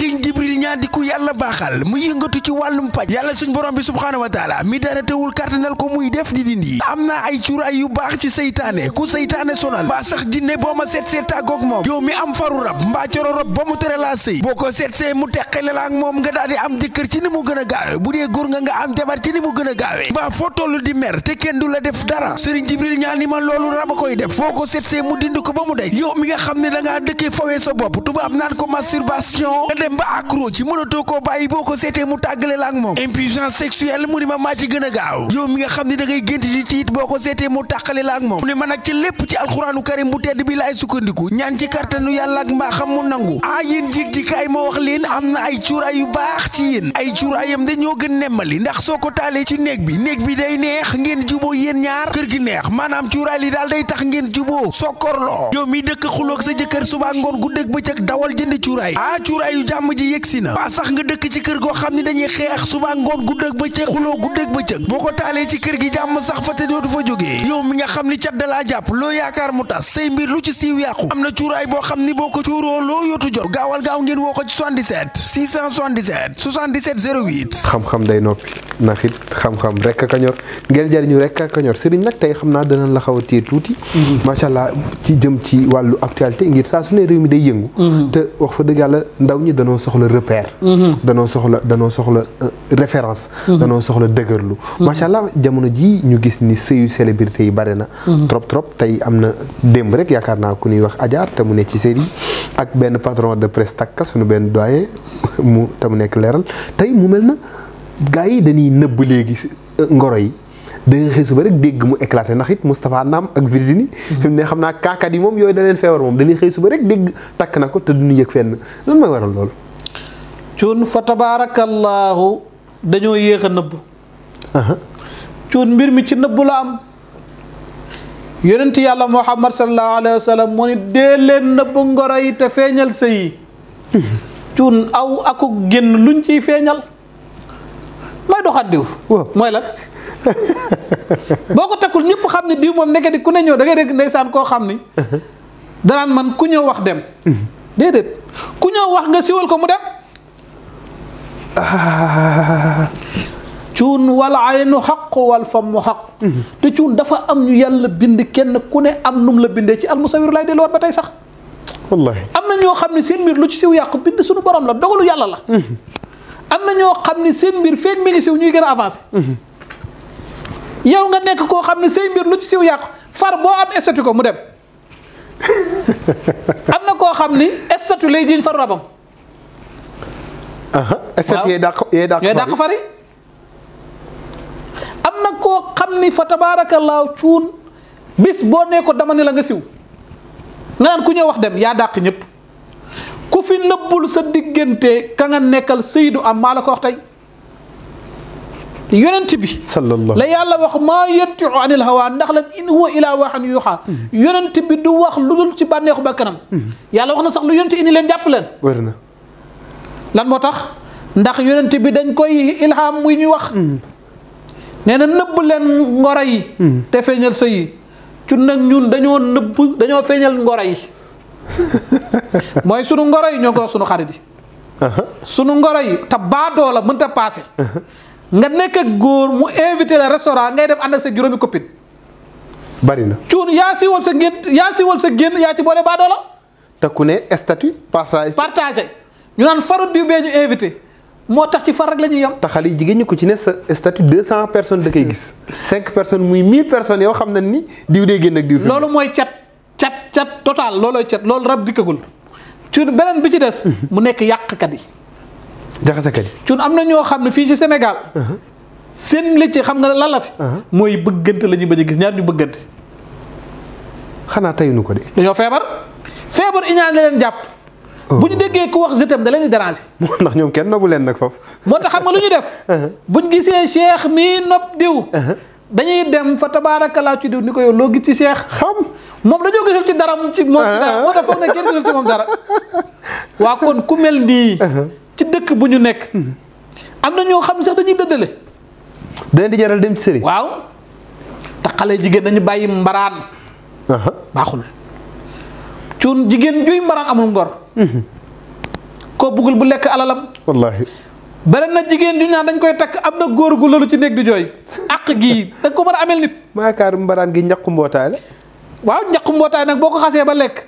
rendibilidade ñaadiku yàlla baaxal mu yëngatu ci wàllum paj yàlla suñ borom bi subhaanahu wa mi dara teewul kàttanal ko muy def di dindi am na ay cuuraay yu baax ci seytaane ku seytaane sonal mbaa sax jinne boo ma seet see tàggoog moom yow mi am faru rab mbaa coro rab ba mu tere laa sëy boo ko seet see mu teqale la ak moom nga daal di am jëkkër ci ni mu gën a gaawe bu dee góor nga nga am jabar ci ni mu gën a gaawe mbaa foo toll di mer te kenn du la def a koy da ngaa dëkkee fawee sa bopp tubaab naan ci mënatoo koo bàyyi boo ko seetee mu tàggale la ak moom impuissance sexuelle mu ni ma maa ci gën a gaaw yow mi nga xam ne dangay ngay gént di tiit boo ko seetee mu tàqale la ak moom mu ni ma nag ci lépp ci alxuraanu karim bu tedd bi laay sukkandiku ñaan ci kartanu yàlla ak mbaa xam mu nangu ah yéen jig ji kaay ma wax leen am na ay cuuraay yu baax ci yéen ay cuuraayam dañoo gën nemmali ndax soo ko taalee ci néeg bi néeg bi day neex ngeen juboo yéen ñaar kër gi neex maanaam cuuraay li daal day tax ngeen juboo sokkorloo yow mi dëkk xuloog sa jëkkër subaa ngoon gu dëgg bëccëg dawal jënd cuuraay ah cuuraay yu jàmm ji yegsi na na waa sax nga dëkk ci kër goo xam ne dañuy xeex suba ngoon guddeeg bëccëg xuloo guddeeg bëccëg boo ko taalee ci kër gi jàmm sax fa te dootu fa jógee yow mi nga xam ni cat dalaa jàpp loo yaakaar mu tas say mbir lu ci siiw yàqu am na cuuraay boo xam ni boo ko cuuroo loo yootu jot gaawal gaaw ngeen woo ko ci 77 677 77 08 xam-xam day noppi ndax it xam-xam rek ak a ñor ngeen jariñu rek ak a ñor sëriñ nag tey xam naa danañ la xaw a téye tuuti mm-hmm. macha allah ci jëm ci wàllu actualité ngir saa su ne réew mi day yëngu mm-hmm. te wax fa dëgg yàlla ndaw ñi père mm-hmm. danoo soxla danoo soxla euh, référence mm-hmm. danoo soxla dëgërlu mm-hmm. macha allah jamono ji ñu gis ni sëyu célébrité yi bare na trop trop tey am na démb rek yaakaar naa ku nuy wax ajaar te mu ne ci série ak benn patron de presse takka suñu benn doyen mu te mu nekk leeral tey mu mel na gars yi dañuy nëbb léegi euh, ngoro yi da nga xëy suba rek dégg mu éclaté ndax it Moustapha Naam ak Virginie fi mu ne xam naa kaakat yi moom yooyu da feebar moom dañuy xëy suba rek dégg takk na ko te duñu yëg fenn lan loolu Cun fa tabaarakallaahu dañu yeex neub nëbb bir mbir mi ci neub la am yonent yalla muhammad sallallahu alaihi wasallam moni de len neub ngoray te feñal sey aw aku génn luñ fenyal. feñal may doxat diw moy lan boko takul ñepp xamni xam ne diw moom nekk di ku ne da ngay rek ko xamni ni nan man ku ñëw wax dem dedet ku ñëw wax nga siwal ko mu dem cuun wal aynu xaq wal famu xaq mhm. te cuun dafa am ñu yàlla bind kenn ku ne am num la bindee ci almusawiru lay delluwaat ba tey sax wallahi am na ñoo xam ne seen mbir lu ci siw yàqu bind suñu borom la dogalu yàlla la mhm. am na ñoo xam ne seen mbir feeg mi ngi siw ñuy gën a avancé mhm. yow nga nekk koo xam ne seen mbir lu ci siw yàqu far boo am estatu ko mu dem am na koo xam ni estatu lay jiñ faru rabam estet yooyu dàq yooyu dàq yooyu dàq am na koo xam ni fa tabaarakallaahu cuun bis boo nee dama ne la nga siw nga naan ku ñëw wax dem yaa dàq ñëpp ku fi nëbbul sa diggante ka nekkal saydu am maa la ko wax tey yonent bi la yàlla wax maa yantiqu anil hawa ndax lan in huwa ilaa waxan yuuxa mm-hmm. yonent bi du wax lu dul ci bànneexu bakkanam mm-hmm. yàlla wax na sax lu yonent indi leen jàpp leen lan moo tax ndax yonent bi dañ koy ilham muy ñuy wax mm. nee na nëbb leen ngoro yi mm. te feeñal sëy yi cun nag ñun dañoo nëbb dañoo feeñal ngoro yi mooy sunu ngoro yi ñoo ko wax sunu xarit yi uh-huh. sunu ngoro yi te baadoola la mënta paase uh-huh. nga nekk góor mu invité la restaurant ngay dem ànd ak sa juróomi copine bari na cuun yaa siiwal sa génn yaa siiwal sa génn yaa ci boole baadoo la te ku ne statut partagé ñu nan faru diw beñu invité moo tax ci far rek lañu yam. ta xali yi jigéen ñi ku ci ne sa statut 200 personnes da kay gis. 5 personnes muy 1000 personnes yo xamna ni diw de génn ak diw. lolu moy chat chat chat total lolu chat lolu rab dikagul ci benen bi ci dess mu nekk yàqkat yi. jaxasekat yi. cun am na ñoo xam ne fii ci Sénégal. Uh-huh. seen métier xam nga lan la fi. Uh-huh. moy bëggante lañu ñuy gis ñaar ñu bëggante. xana tayunu ko de. dañu febar febar iñaan la leen japp Oh. bu ñu déggee ku wax je t'aime da leen di déranger. ndax ñoom kenn nobu leen nag foofu. moo tax xam nga lu ñu def. Uh-huh. bu ñu gisee Cheikh mii nopp diw. Uh-huh. dañuy dem fa tabaarakalaa ci diw ni ko yow loo gis ci Cheikh. xam moom dañoo gisul ci dara ci moom ci dara uh-huh. moo tax foog ne kenn gisul waa kon ku mel nii. ci dëkk bu ñu nekk. am na ñoo xam sax dañuy dëddale. danañ di jaral dem ci sëriñ. waaw te jigéen dañu bàyyi mbaraan. baaxul cuun jigéen juy mbaraan amul ngor. koo bëggul bu lekk alalam. wallaahi. bare jigéen ñu naan dañ koy takk am na góor gu loolu ci néeg di jooy. àq gi da ko mën a amel nit. maakaar mbaraan gi ñàkku mbootaay la. waaw ñàkku mbootaay nag boo ko xasee ba lekk.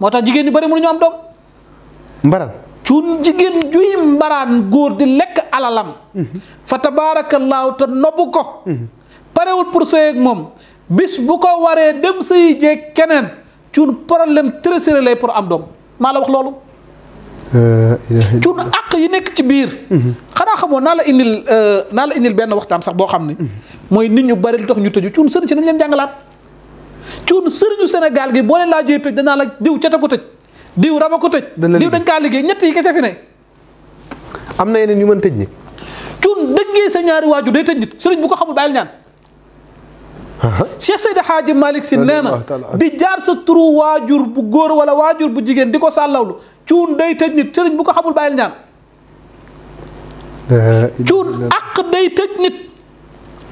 moo tax jigéen ñu bari mënuñu am doom. mbaraan. cuun jigéen juy mbaraan góor di lekk alalam. Mhm. fa tabaarakallaahu te nobbu ko. Mhm. parewul pour sëy moom bis bu ko waree dem sëy jeeg keneen cuun problème très sérieux lay pour am doom. maa la wax loolu. cuun àq yi nekk ci biir. Mhm. xanaa xamoo naa la indil euh, naa la indil benn waxtaan sax boo xam ne. Mhm. mooy nit ñu bari lu tax ñu tëju cuun sëriñ si nañ leen jàngalaat. cuun sëriñu Sénégal gi boo leen laajee tëj danaa la diw cata ko tëj diw raba ko tëj. diw dañ kaa liggéey ñett yi kese fi ne. am na yeneen yu man tëj ni cuun dëggee sa ñaari waajur day tëj nit sëriñ bu ko xamul bàyyil ñaan. Cheikh Seydi Hadji Malick Sy nee na di jaar sa turu waajur bu góor wala waajur bu jigéen di ko sàllawlu cuun day tëj nit sëriñ bu ko xamul bàyyil ñaan cuun àq day tëj nit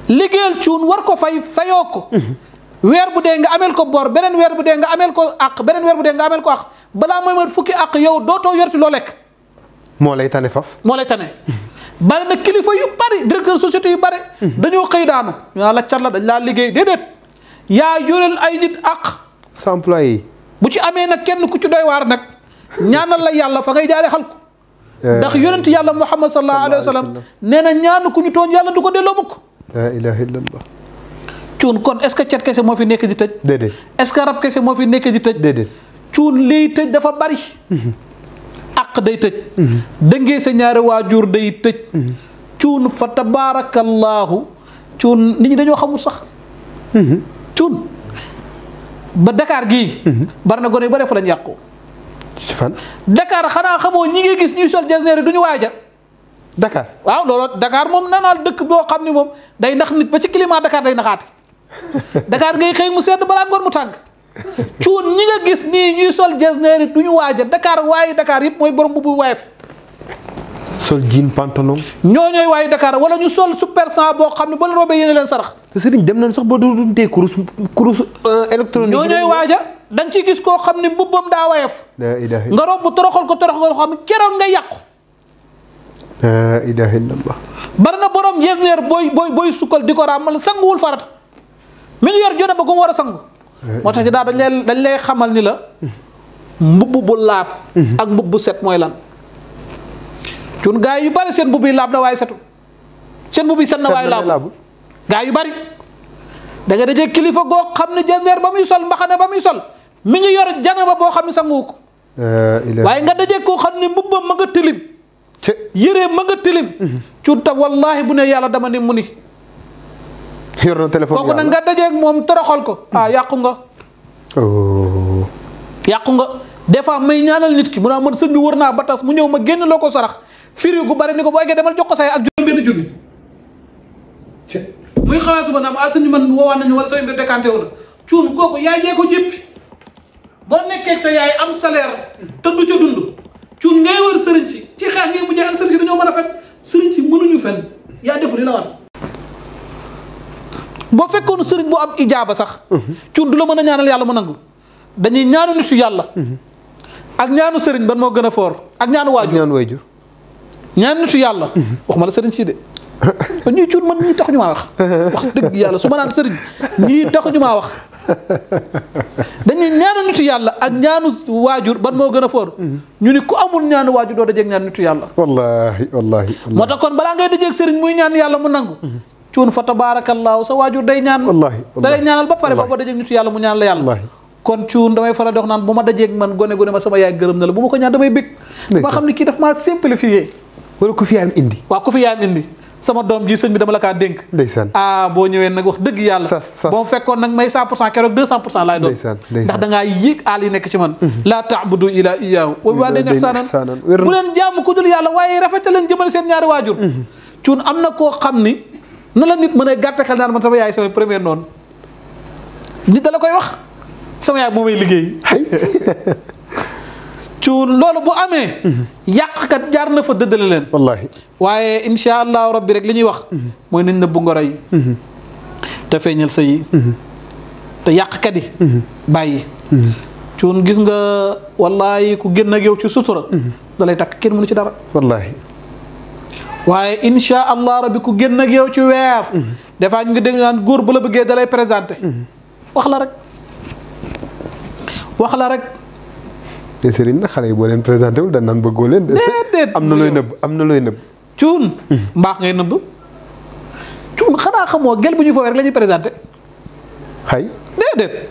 liggéeyal cuun war ko fay fayoo ko mhm. weer bu dee nga ameel ko bor beneen weer bu dee nga ameel ko àq beneen weer bu dee nga ko balaa mooy mat fukki àq yow dootoo yorti loo lekk moo lay tane faf moo lay tane mhm. bari na kilifa yu bari directeur société yu bari hmm. dañoo xëy daana ñu naan la car la dañ laa liggéey déedéet yaa yoreel ay nit ak sa employé yi bu ci amee nag kenn ku ci doy waar nag ñaanal la yàlla fa ngay jaaree xalku eh. ndax yonent yàlla muhammad sallallahu alayhi wa sallam nee na ñaan ku ñu tooñ yàlla du ko delloo mukk la cuun kon est ce que cet kese moo fi nekk di tëj déedéet ce que rab kese moo fi nekk di tëj déedéet cuun liy tëj dafa bari hmm. day tëj dëngee sa ñaari waajur day tëj cuun fa tabaarakallaahu cuun nit ñi dañoo xamul sax cuun ba Dakar gii bari na gone yu bare fa lañ yàqu fan xanaa xamoo ñi ngi gis ñuy sol jasneer yi du ñu waaja Dakar waaw loolu Dakar moom nanaal dëkk boo xam ni moom day ndax nit ba ci climat Dakar day naxaate Dakar ngay xëy mu sedd balaa ngoon mu tàng Chun ñi nga gis ni ñuy sol jesneer duñu waja Dakar waaye Dakar yep moy borom bu bu wayef sol jean pantalon ñoy ñoy Dakar wala ñu sol super sang kami xamni ne ba la robee yéene leen sarax te sëriñ dem nañ sax bo du dunte kurus kurus euh, électronique ñoy ñoy waja da ci ciy gis koo xam ne mbubbam daa wayef nga romb toroxal ko toroxol ko xam ne keroog nga yaq la ilaha illallah barna borom jesneer boy boy boy sukkal diko mi ngi yor jona ba ko wara sangul moo tax daal dañ lay dañ lay xamal ni la mbubb bu laab ak mbubb bu set mooy lan cun gaa yu bari seen mbubb laab na waaye setul seen mbubb yi set na waaye laabu gaa yu bari da nga kilifa goo xam ne jandeer ba muy sol mbaxane ba muy sol mi ngi yor janaba boo xam ne sangu ko waaye nga daje koo xam ne mbubbam ma nga tilim yëree ma nga tilim mhm. cun tam wallaahi bu ne yàlla dama ne mu ni yor telephone koku kooku nag nga dajeeg moom toroxal ko ah yakku nga. yakku nga des fois may ñaanal nit ki mu na man sëñ bi wër ba tas mu ñew ma genn loo sarax firi gu bari ni ko boo eggee demal jox ko say ak juróom-benn junni. muy xalaasu ba naa ma ah man woowaan nañu wala say mbir dekanté wu ciun koku yaay ya jé ko jéppi boo nekkee sa yaay am salaire te du ci dund ciun ngay wër sëriñ ci ci xeex ngay mujjee ak sëriñ si dañu mëna a fen ci mënuñu fen ya defu li la bo fekkone serigne bu am ijaba sax. cuun du la mën ñaanal yalla mu nangu dañuy ñaanu ci yalla ak ñaanu serigne ban mo gëna for ak ñaanu ñaan ñaan ci yalla waxuma la serigne ci de. ñu cuun man ñi tax ñuma wax. wax deug yalla su ma naan sëriñ ñii taxuñu wax. dañuy ñaanu ci yalla ak ñaanu wajur ban mo gëna for ñu ni ku amul ñaanu wajur do dajje ñaan nitu ci yalla wallahi wallahi motax kon bala ngay ak serigne muy ñaan yalla mu nangu cun fa tabarakallahu sa wajur day ñaan wallahi da ñaanal ba pare dajek ñu ci yalla mu ñaan la yàlla kon gune damay faral di wax naan buma dajek man goné goné ma sama yaay gërëm na la buma ko ñaan damay ba xamni ki daf ma simplifier wala ku fi indi wa ku fi indi sama dom ji señ bi dama la ka denk ah bo ñewé nak wax deug yalla bo fekkon nak may 100 kérok 200 lay do ndax da nga yik ali nek ci man mhm. la ta'budu ila iyaahu wa waalidayni ihsaanan bu len jamm ku dul yalla waye seen ñaari wajur mhm. amna ko xamni nu la nit mëna gàtt xel naan man sama yaay sama premier non nit da la koy wax sama yaay momay liggey ci lolu bu mhm. yak kat jaar na fa deudal leen wallahi waye inshallah rabbi rek liñuy ñuy wax mhm. mooy nañ nëbb ngoro yi mhm. te feeñal sa yi te yàqkat bayyi bàyyi gis nga wallahi ku genn ak yow ci sutura dalay tak kenn ci dara wallahi waaye insha allah rabbi ku génn ak yow ci weer. des fois ñu ngi dégg naan góor bu la bëggee dalay présenté. wax la rek wax la rek. te Serigne nag xale yi boo leen présenté wul dañ naan bëggoo leen. déedéet am na looy nëbb am na looy nëbb. cuun. Mm. mbaax ngay nëbb. cuun xanaa xamoo gel bu ñu foofee rek la ñuy présenté. xay déedéet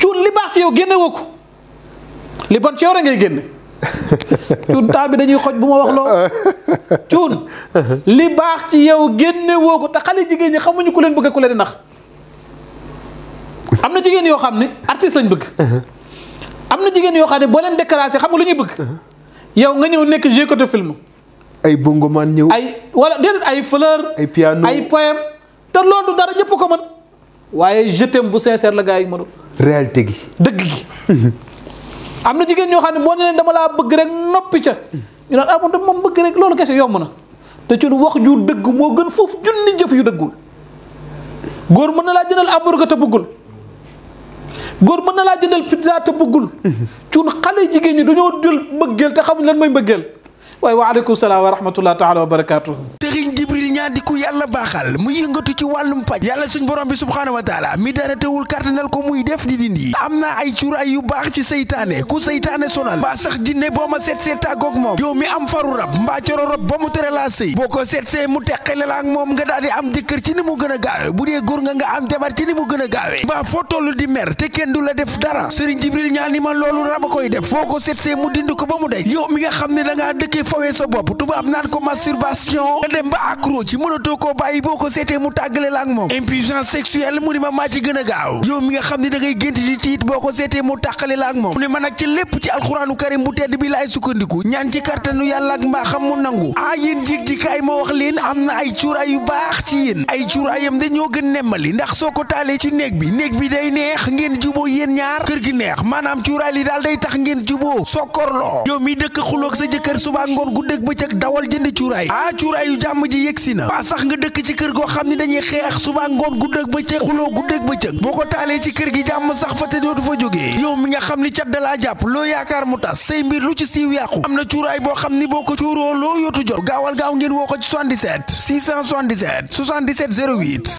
cuun li baax ci yow génne woo ko li bon ci yow rek ngay génne. cuun temps bi dañuy xoj bu ma wax loo cuun li baax ci yow génne woo ko te xale jigéen ñi xamuñu ku leen bëgg ku leen nax am na jigéen yoo xam ne artiste lañ bëgg am na jigéen yoo xam ne boo leen déclassé xam nga lu ñuy bëgg yow nga ñëw nekk jeu de film ay bongoman ñëw ay wala déedéet ay fleur ay piano ay poème te loolu dara ñëpp ko mën waaye je bu sincère la gars yi ma réalité gi dëgg gi am na jigéen ñoo xam ne moo ne leen dama laa bëgg rek noppi ca ñu naan ah man moom bëgg rek loolu kese yomb na te ci wax ju dëgg moo gën foofu junni jëf yu dëggul góor mën na laa jëndal hamburger te bëggul góor mën na laa jëndal pizza te bëggul cun xale jigéen ñi du dañoo jël mbëggeel te xamuñ lan mooy mbëggeel waaye waaleykum salaam wa rahmatullah taala wa barakaatu. wa taala mi dara teewul kàttanal ko muy def di dindi am naa ay cuuraay yu baax ci seytaane ku seytaane sonal mbaa sax jinne la nga daal am jëkkër ci ni mu gën a gaawe bu dee góor nga nga am jabar ci ni mu gën a gaawee mbaa foo toll di mer te kenn du la def dara sëriñ jibril ñaan ma loolu rab a koy def boo ko seet mu dind ko ba mu daj yow mi nga xam ne da ngaa dëkkee sa bopp tubaab naan ko masturbation nga dem ba accro ci mënatoo koo bàyyi boo ko seetee mu tàggale la ak moom impuissance sexuelle mu ni ma maa ci gën a gaaw yow mi nga xam ne dangay ngay gént di tiit boo ko seetee mu tàqale la moom mu man ak ci lépp ci alxuraanu karim bu tedd bi laay sukkandiku ñan ci kàttanu yàlla ak mbaa xam mu nangu ah yéen jig ji kaay ma wax leen am na ay cuuraay yu baax ci yéen ay cuuraayam dañoo gën nemmali ndax soo ko taalee ci néeg bi néeg bi day neex ngeen juboo yéen ñaar kër gi neex maanaam cuuraay li daal day tax ngeen juboo sokkorloo yow mi dëkk xuloog sa jëkkër suba ngoon guddeeg bëccëg dawal jënd cuuraay ah cuuraay yu jàmm ji yegsi na ba sax nga dëkk ci kër goo xam ne dañuy xeex suba ngoon gudd ak bëccëg xuloo gudd ak bëccëg boo ko taalee ci kër gi jàmm sax fa te dootu fa jógee yow mi nga xam ni ca dalaa jàpp loo yaakaar mu tas say mbir lu ci siiw yàqu am na cuuraay boo xam ni boo ko cuuroo loo yotu jot gaawal gaaw ngeen woo ko ci 77 677 77 08